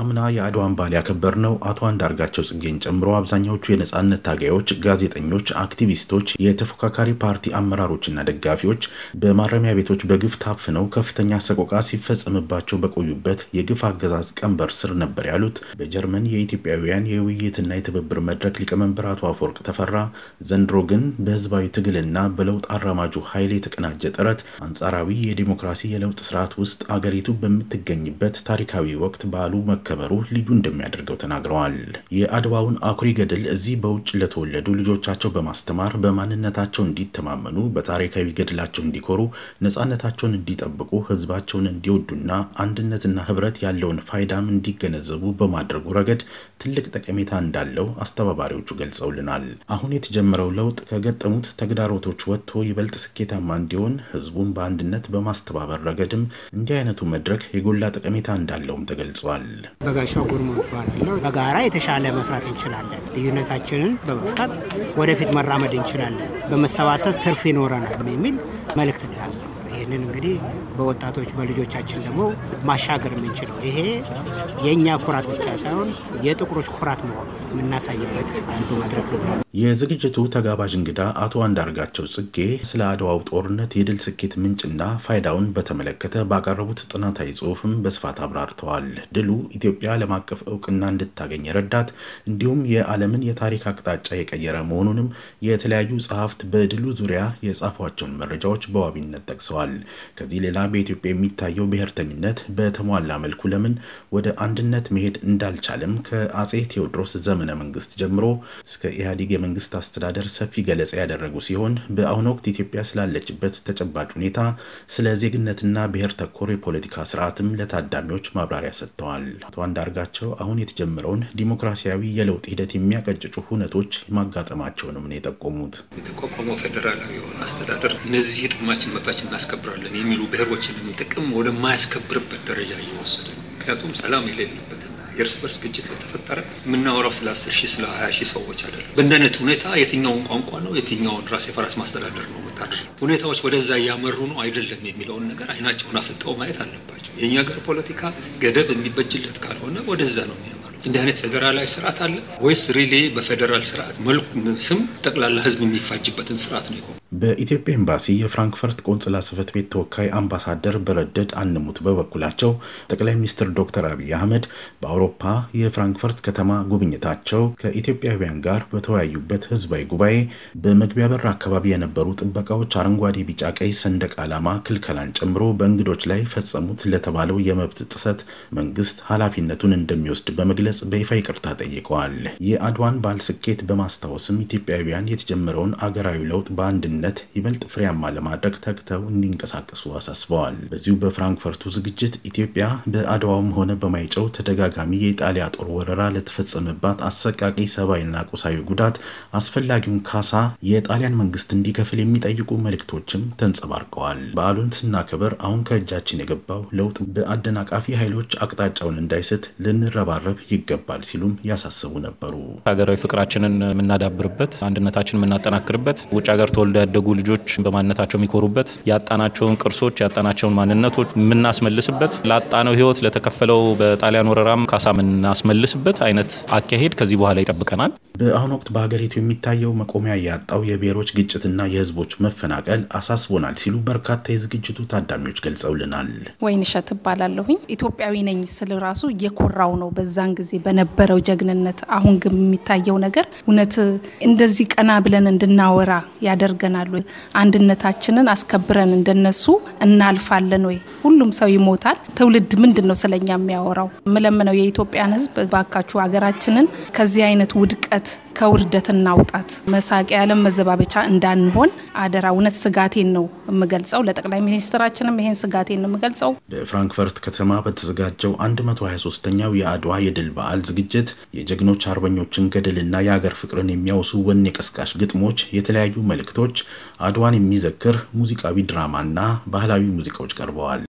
አምና የአድዋን በዓል ነው። አቶ አንዳርጋቸው ጽጌን ጨምሮ አብዛኛዎቹ የነጻነት ታጋዮች፣ ጋዜጠኞች፣ አክቲቪስቶች፣ የተፎካካሪ ፓርቲ አመራሮችና ደጋፊዎች በማረሚያ ቤቶች በግፍ ታፍነው ከፍተኛ ሰቆቃ ሲፈጸምባቸው በቆዩበት የግፍ አገዛዝ ቀንበር ስር ነበር ያሉት በጀርመን የኢትዮጵያውያን የውይይትና የትብብር መድረክ ሊቀመንበር አቶ አፈወርቅ ተፈራ፣ ዘንድሮ ግን በህዝባዊ ትግልና በለውጥ አራማጁ ኃይል የተቀናጀ ጥረት አንጻራዊ የዲሞክራሲ የለውጥ ስርዓት ውስጥ አገሪቱ በምትገኝበት ታሪካዊ ወቅት በዓሉ መከበሩ ልዩ እንደሚያደርገው ተናግረዋል። የአድዋውን አኩሪ ገድል እዚህ በውጭ ለተወለዱ ልጆቻቸው በማስተማር በማንነታቸው እንዲተማመኑ፣ በታሪካዊ ገድላቸው እንዲኮሩ፣ ነጻነታቸውን እንዲጠብቁ፣ ህዝባቸውን እንዲወዱና አንድነትና ህብረት ያለውን ፋይዳም እንዲገነዘቡ በማድረጉ ረገድ ትልቅ ጠቀሜታ እንዳለው አስተባባሪዎቹ ገልጸውልናል። አሁን የተጀመረው ለውጥ ከገጠሙት ተግዳሮቶች ወጥቶ ይበልጥ ስኬታማ እንዲሆን ህዝቡን በአንድነት በማስተባበር ረገድም እንዲህ አይነቱ መድረክ የጎላ ጠቀሜታ እንዳለውም ተገልጿል። በጋሻው ጉርሙ እባላለሁ። በጋራ የተሻለ መስራት እንችላለን። ልዩነታችንን በመፍታት ወደፊት መራመድ እንችላለን። በመሰባሰብ ትርፍ ይኖረናል የሚል መልእክት ነው የያዝነው። ይህንን እንግዲህ በወጣቶች በልጆቻችን ደግሞ ማሻገር የምንችለው ይሄ የእኛ ኩራት ብቻ ሳይሆን የጥቁሮች ኩራት መሆኑ የምናሳይበት አንዱ መድረክ ነው። የዝግጅቱ ተጋባዥ እንግዳ አቶ አንዳርጋቸው ጽጌ ስለ አድዋው ጦርነት የድል ስኬት ምንጭና ፋይዳውን በተመለከተ ባቀረቡት ጥናታዊ ጽሁፍም በስፋት አብራርተዋል። ድሉ ኢትዮጵያ ዓለም አቀፍ እውቅና እንድታገኝ ረዳት፣ እንዲሁም የዓለምን የታሪክ አቅጣጫ የቀየረ መሆኑንም የተለያዩ ጸሐፍት በድሉ ዙሪያ የጻፏቸውን መረጃዎች በዋቢነት ጠቅሰዋል። ተናግረዋል። ከዚህ ሌላ በኢትዮጵያ የሚታየው ብሔርተኝነት በተሟላ መልኩ ለምን ወደ አንድነት መሄድ እንዳልቻለም ከአጼ ቴዎድሮስ ዘመነ መንግስት ጀምሮ እስከ ኢህአዴግ የመንግስት አስተዳደር ሰፊ ገለጻ ያደረጉ ሲሆን በአሁኑ ወቅት ኢትዮጵያ ስላለችበት ተጨባጭ ሁኔታ፣ ስለ ዜግነትና ብሔር ተኮር የፖለቲካ ስርዓትም ለታዳሚዎች ማብራሪያ ሰጥተዋል። አቶ አንዳርጋቸው አሁን የተጀመረውን ዲሞክራሲያዊ የለውጥ ሂደት የሚያቀጭጩ ሁነቶች ማጋጠማቸውንም ነው የጠቆሙት። የተቋቋመው ፌዴራላዊ የሆነ አስተዳደር እነዚህ ጥቅማችን መብታችን እናስከብራለን የሚሉ ብሔሮችንም ጥቅም ወደማያስከብርበት ደረጃ እየወሰደ ነው። ምክንያቱም ሰላም የሌለበትና የእርስ በርስ ግጭት ከተፈጠረ የምናወራው ስለ አስር ሺህ ስለ ሀያ ሺህ ሰዎች አይደለም። በእንደ አይነት ሁኔታ የትኛውን ቋንቋ ነው የትኛውን ራስ የፈራስ ማስተዳደር ነው መታደር ሁኔታዎች ወደዛ እያመሩ ነው አይደለም የሚለውን ነገር አይናቸውን አፍጠው ማየት አለባቸው። የእኛ ሀገር ፖለቲካ ገደብ የሚበጅለት ካልሆነ ወደዛ ነው የሚያመሩ። እንዲህ አይነት ፌዴራላዊ ስርዓት አለ ወይስ ሪሌ በፌዴራል ስርዓት መልኩ ስም ጠቅላላ ህዝብ የሚፋጅበትን ስርዓት ነው የቆመ በኢትዮጵያ ኤምባሲ የፍራንክፈርት ቆንጽላ ጽህፈት ቤት ተወካይ አምባሳደር በረደድ አንሙት በበኩላቸው ጠቅላይ ሚኒስትር ዶክተር አብይ አህመድ በአውሮፓ የፍራንክፈርት ከተማ ጉብኝታቸው ከኢትዮጵያውያን ጋር በተወያዩበት ህዝባዊ ጉባኤ በመግቢያ በር አካባቢ የነበሩ ጥበቃዎች አረንጓዴ፣ ቢጫ፣ ቀይ ሰንደቅ ዓላማ ክልከላን ጨምሮ በእንግዶች ላይ ፈጸሙት ለተባለው የመብት ጥሰት መንግስት ኃላፊነቱን እንደሚወስድ በመግለጽ በይፋ ይቅርታ ጠይቀዋል። የአድዋን በዓል ስኬት በማስታወስም ኢትዮጵያውያን የተጀመረውን አገራዊ ለውጥ በአንድነት ግንኙነት ይበልጥ ፍሬያማ ለማድረግ ተግተው እንዲንቀሳቀሱ አሳስበዋል። በዚሁ በፍራንክፈርቱ ዝግጅት ኢትዮጵያ በአድዋውም ሆነ በማይጨው ተደጋጋሚ የኢጣሊያ ጦር ወረራ ለተፈጸመባት አሰቃቂ ሰብአዊና ቁሳዊ ጉዳት አስፈላጊውን ካሳ የጣሊያን መንግስት እንዲከፍል የሚጠይቁ መልእክቶችም ተንጸባርቀዋል። በዓሉን ስናከበር አሁን ከእጃችን የገባው ለውጥ በአደናቃፊ ኃይሎች አቅጣጫውን እንዳይስት ልንረባረብ ይገባል ሲሉም ያሳስቡ ነበሩ። ሀገራዊ ፍቅራችንን የምናዳብርበት፣ አንድነታችን የምናጠናክርበት ውጭ ሀገር ተወልደ ያደጉ ልጆች በማንነታቸው የሚኮሩበት ያጣናቸውን ቅርሶች ያጣናቸውን ማንነቶች የምናስመልስበት ላጣነው ህይወት ለተከፈለው በጣሊያን ወረራም ካሳ የምናስመልስበት አይነት አካሄድ ከዚህ በኋላ ይጠብቀናል። በአሁኑ ወቅት በሀገሪቱ የሚታየው መቆሚያ ያጣው የብሔሮች ግጭትና የህዝቦች መፈናቀል አሳስቦናል ሲሉ በርካታ የዝግጅቱ ታዳሚዎች ገልጸውልናል። ወይንሸት እባላለሁኝ። ኢትዮጵያዊ ነኝ ስል ራሱ እየኮራው ነው በዛን ጊዜ በነበረው ጀግንነት። አሁን ግን የሚታየው ነገር እውነት እንደዚህ ቀና ብለን እንድናወራ ያደርገናል ይሆናሉ? አንድነታችንን አስከብረን እንደነሱ እናልፋለን ወይ? ሁሉም ሰው ይሞታል። ትውልድ ምንድን ነው ስለኛ የሚያወራው? ምለምነው የኢትዮጵያን ሕዝብ ባካችሁ ሀገራችንን ከዚህ አይነት ውድቀት ከውርደት እናውጣት። መሳቂያ ያለም መዘባበቻ እንዳንሆን አደራ። እውነት ስጋቴን ነው። የምገልጸው። ለጠቅላይ ሚኒስትራችንም ይህን ስጋቴን የምገልጸው። በፍራንክፈርት ከተማ በተዘጋጀው 123ኛው የአድዋ የድል በዓል ዝግጅት የጀግኖች አርበኞችን ገድልና የአገር ፍቅርን የሚያወሱ ወኔ ቀስቃሽ ግጥሞች፣ የተለያዩ መልእክቶች፣ አድዋን የሚዘክር ሙዚቃዊ ድራማና ባህላዊ ሙዚቃዎች ቀርበዋል።